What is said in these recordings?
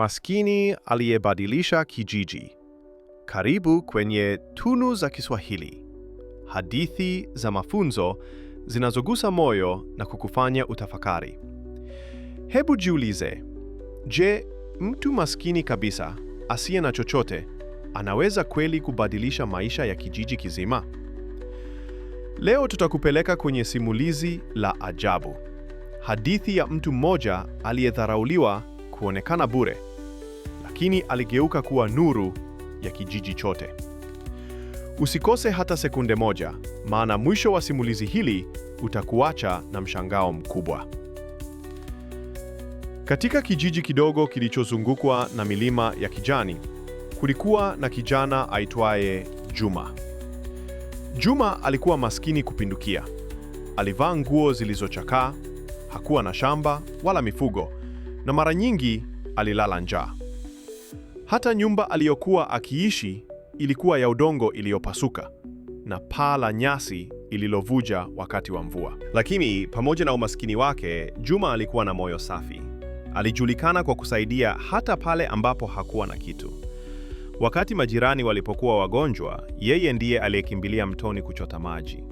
Maskini aliyebadilisha kijiji. Karibu kwenye Tunu za Kiswahili, hadithi za mafunzo zinazogusa moyo na kukufanya utafakari. Hebu jiulize, je, mtu maskini kabisa asiye na chochote anaweza kweli kubadilisha maisha ya kijiji kizima? Leo tutakupeleka kwenye simulizi la ajabu, hadithi ya mtu mmoja aliyedharauliwa kuonekana bure lakini aligeuka kuwa nuru ya kijiji chote. Usikose hata sekunde moja, maana mwisho wa simulizi hili utakuacha na mshangao mkubwa. Katika kijiji kidogo kilichozungukwa na milima ya kijani, kulikuwa na kijana aitwaye Juma. Juma alikuwa maskini kupindukia. Alivaa nguo zilizochakaa, hakuwa na shamba wala mifugo, na mara nyingi alilala njaa. Hata nyumba aliyokuwa akiishi ilikuwa ya udongo iliyopasuka na paa la nyasi ililovuja wakati wa mvua. Lakini pamoja na umaskini wake, Juma alikuwa na moyo safi. Alijulikana kwa kusaidia hata pale ambapo hakuwa na kitu. Wakati majirani walipokuwa wagonjwa, yeye ndiye aliyekimbilia mtoni kuchota maji.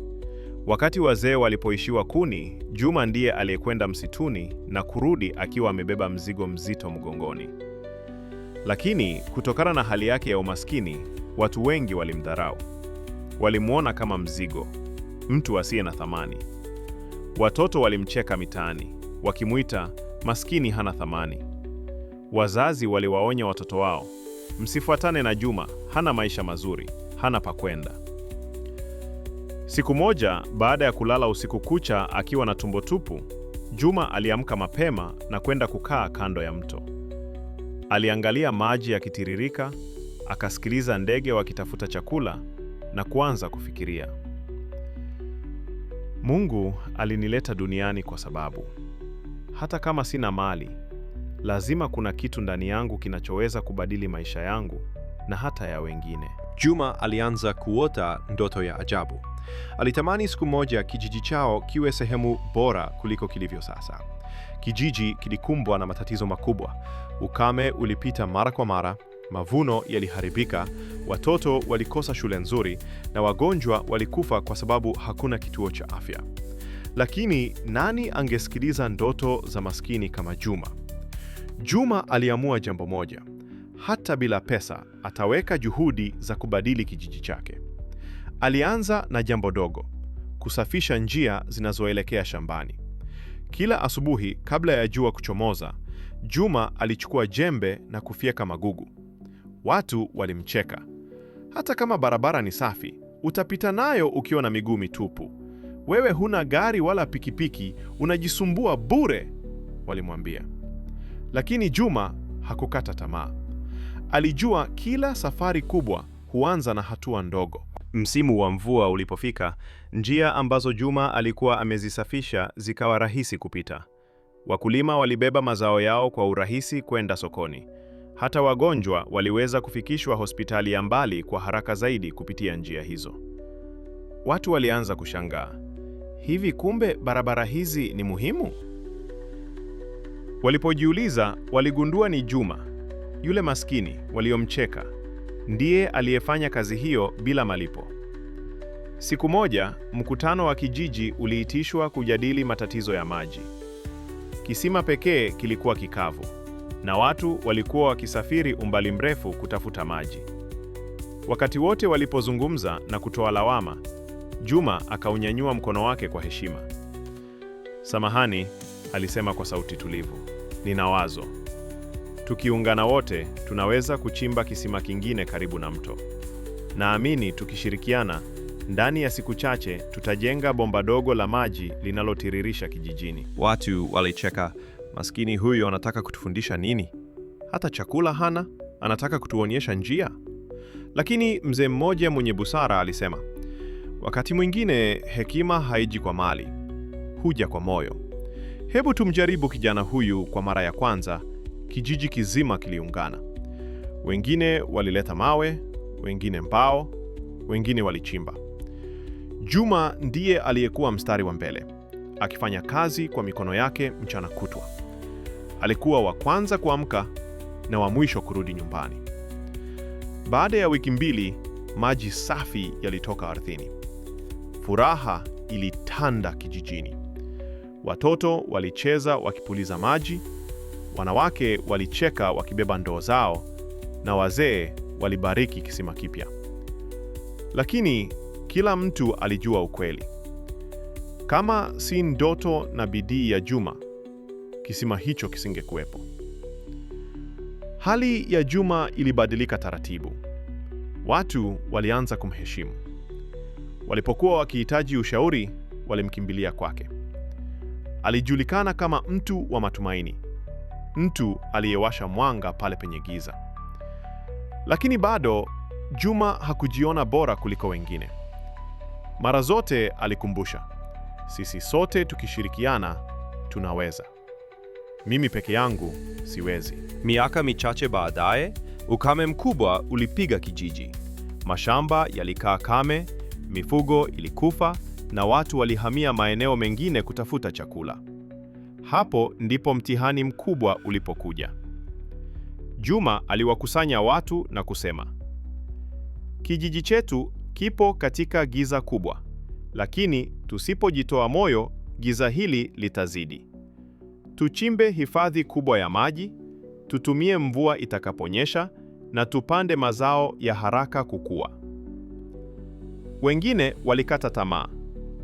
Wakati wazee walipoishiwa kuni, Juma ndiye aliyekwenda msituni na kurudi akiwa amebeba mzigo mzito mgongoni. Lakini kutokana na hali yake ya umaskini, watu wengi walimdharau. Walimwona kama mzigo, mtu asiye na thamani. Watoto walimcheka mitaani, wakimuita maskini hana thamani. Wazazi waliwaonya watoto wao, msifuatane na Juma, hana maisha mazuri, hana pa kwenda. Siku moja, baada ya kulala usiku kucha akiwa na tumbo tupu, Juma aliamka mapema na kwenda kukaa kando ya mto. Aliangalia maji yakitiririka, akasikiliza ndege wakitafuta chakula na kuanza kufikiria. Mungu alinileta duniani kwa sababu hata kama sina mali, lazima kuna kitu ndani yangu kinachoweza kubadili maisha yangu na hata ya wengine. Juma alianza kuota ndoto ya ajabu. Alitamani siku moja kijiji chao kiwe sehemu bora kuliko kilivyo sasa. Kijiji kilikumbwa na matatizo makubwa. Ukame ulipita mara kwa mara, mavuno yaliharibika, watoto walikosa shule nzuri na wagonjwa walikufa kwa sababu hakuna kituo cha afya. Lakini nani angesikiliza ndoto za maskini kama Juma? Juma aliamua jambo moja hata bila pesa ataweka juhudi za kubadili kijiji chake. Alianza na jambo dogo, kusafisha njia zinazoelekea shambani. Kila asubuhi kabla ya jua kuchomoza, Juma alichukua jembe na kufyeka magugu. Watu walimcheka. Hata kama barabara ni safi, utapita nayo ukiwa na miguu mitupu. Wewe huna gari wala pikipiki, unajisumbua bure, walimwambia. Lakini Juma hakukata tamaa. Alijua kila safari kubwa huanza na hatua ndogo. Msimu wa mvua ulipofika, njia ambazo Juma alikuwa amezisafisha zikawa rahisi kupita. Wakulima walibeba mazao yao kwa urahisi kwenda sokoni. Hata wagonjwa waliweza kufikishwa hospitali ya mbali kwa haraka zaidi kupitia njia hizo. Watu walianza kushangaa. Hivi kumbe barabara hizi ni muhimu? Walipojiuliza, waligundua ni Juma yule maskini waliomcheka ndiye aliyefanya kazi hiyo bila malipo. Siku moja, mkutano wa kijiji uliitishwa kujadili matatizo ya maji. Kisima pekee kilikuwa kikavu na watu walikuwa wakisafiri umbali mrefu kutafuta maji. Wakati wote walipozungumza na kutoa lawama, Juma akaunyanyua mkono wake kwa heshima. Samahani, alisema kwa sauti tulivu. Nina wazo. Tukiungana wote, tunaweza kuchimba kisima kingine karibu na mto. Naamini tukishirikiana, ndani ya siku chache tutajenga bomba dogo la maji linalotiririsha kijijini. Watu walicheka, maskini huyo anataka kutufundisha nini? Hata chakula hana, anataka kutuonyesha njia. Lakini mzee mmoja mwenye busara alisema, wakati mwingine hekima haiji kwa mali, huja kwa moyo. Hebu tumjaribu kijana huyu kwa mara ya kwanza kijiji kizima kiliungana. Wengine walileta mawe, wengine mbao, wengine walichimba. Juma ndiye aliyekuwa mstari wa mbele, akifanya kazi kwa mikono yake mchana kutwa. Alikuwa wa kwanza kuamka na wa mwisho kurudi nyumbani. Baada ya wiki mbili, maji safi yalitoka ardhini. Furaha ilitanda kijijini. Watoto walicheza wakipuliza maji. Wanawake walicheka wakibeba ndoo zao na wazee walibariki kisima kipya. Lakini kila mtu alijua ukweli. Kama si ndoto na bidii ya Juma, kisima hicho kisingekuwepo. Hali ya Juma ilibadilika taratibu. Watu walianza kumheshimu. Walipokuwa wakihitaji ushauri, walimkimbilia kwake. Alijulikana kama mtu wa matumaini mtu aliyewasha mwanga pale penye giza. Lakini bado Juma hakujiona bora kuliko wengine. Mara zote alikumbusha, sisi sote tukishirikiana tunaweza. Mimi peke yangu siwezi. Miaka michache baadaye, ukame mkubwa ulipiga kijiji. Mashamba yalikaa kame, mifugo ilikufa na watu walihamia maeneo mengine kutafuta chakula. Hapo ndipo mtihani mkubwa ulipokuja. Juma aliwakusanya watu na kusema, kijiji chetu kipo katika giza kubwa, lakini tusipojitoa moyo, giza hili litazidi. Tuchimbe hifadhi kubwa ya maji, tutumie mvua itakaponyesha, na tupande mazao ya haraka kukua. Wengine walikata tamaa,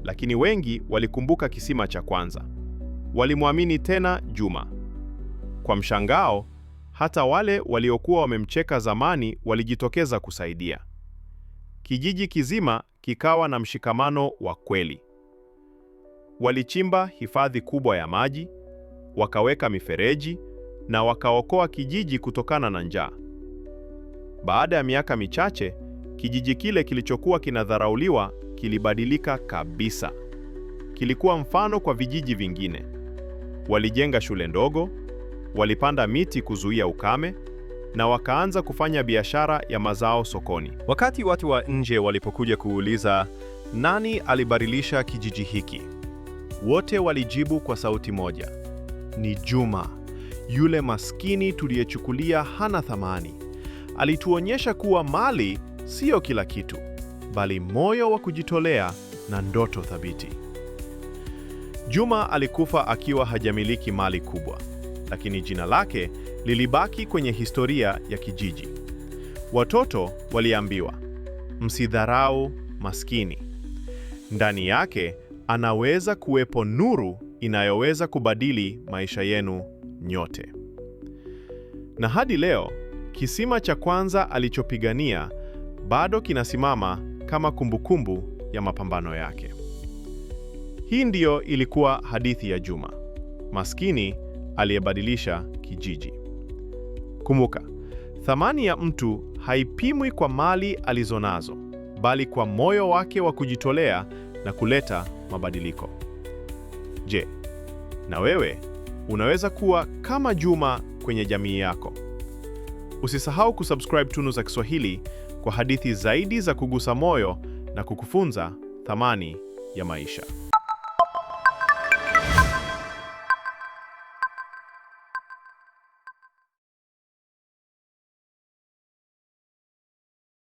lakini wengi walikumbuka kisima cha kwanza walimwamini tena Juma. Kwa mshangao, hata wale waliokuwa wamemcheka zamani walijitokeza kusaidia. Kijiji kizima kikawa na mshikamano wa kweli. Walichimba hifadhi kubwa ya maji, wakaweka mifereji na wakaokoa kijiji kutokana na njaa. Baada ya miaka michache, kijiji kile kilichokuwa kinadharauliwa kilibadilika kabisa. Kilikuwa mfano kwa vijiji vingine. Walijenga shule ndogo, walipanda miti kuzuia ukame na wakaanza kufanya biashara ya mazao sokoni. Wakati watu wa nje walipokuja kuuliza nani alibadilisha kijiji hiki, wote walijibu kwa sauti moja, ni Juma, yule maskini tuliyechukulia hana thamani. Alituonyesha kuwa mali siyo kila kitu, bali moyo wa kujitolea na ndoto thabiti. Juma alikufa akiwa hajamiliki mali kubwa, lakini jina lake lilibaki kwenye historia ya kijiji. Watoto waliambiwa, msidharau maskini. Ndani yake anaweza kuwepo nuru inayoweza kubadili maisha yenu nyote. Na hadi leo, kisima cha kwanza alichopigania bado kinasimama kama kumbukumbu ya mapambano yake. Hii ndiyo ilikuwa hadithi ya Juma, maskini aliyebadilisha kijiji. Kumbuka, thamani ya mtu haipimwi kwa mali alizonazo, bali kwa moyo wake wa kujitolea na kuleta mabadiliko. Je, na wewe unaweza kuwa kama Juma kwenye jamii yako? Usisahau kusubscribe Tunu za Kiswahili kwa hadithi zaidi za kugusa moyo na kukufunza thamani ya maisha.